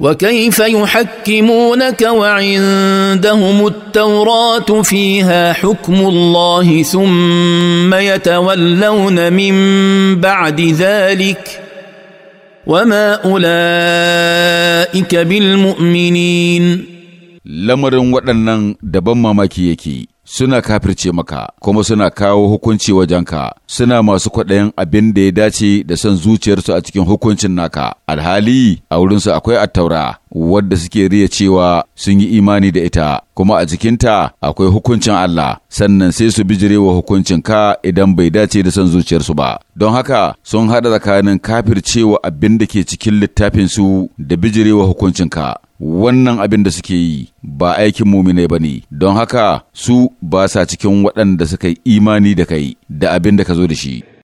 وكيف يحكمونك وعندهم التوراه فيها حكم الله ثم يتولون من بعد ذلك وما اولئك بالمؤمنين لمرن ودنن دبن mamaki yake suna kafirce maka kuma suna kawo hukunci wajenka suna masu kwaɗayin abin da ya dace da son zuciyarsu a cikin hukuncin naka alhali a wurinsu akwai attaura wadda suke riya cewa sun yi imani da ita kuma a jikinta akwai hukuncin Allah sannan sai su bijirewa ka idan bai dace da son zuciyarsu ba don haka sun haɗa tsakanin kafircewa abin da ke cikin littafinsu da bijirewa hukuncin ka. wannan abin da suke yi ba aikin muminai ba ne, don haka su ba sa cikin waɗanda suka yi imani da kai da abin da ka zo da shi.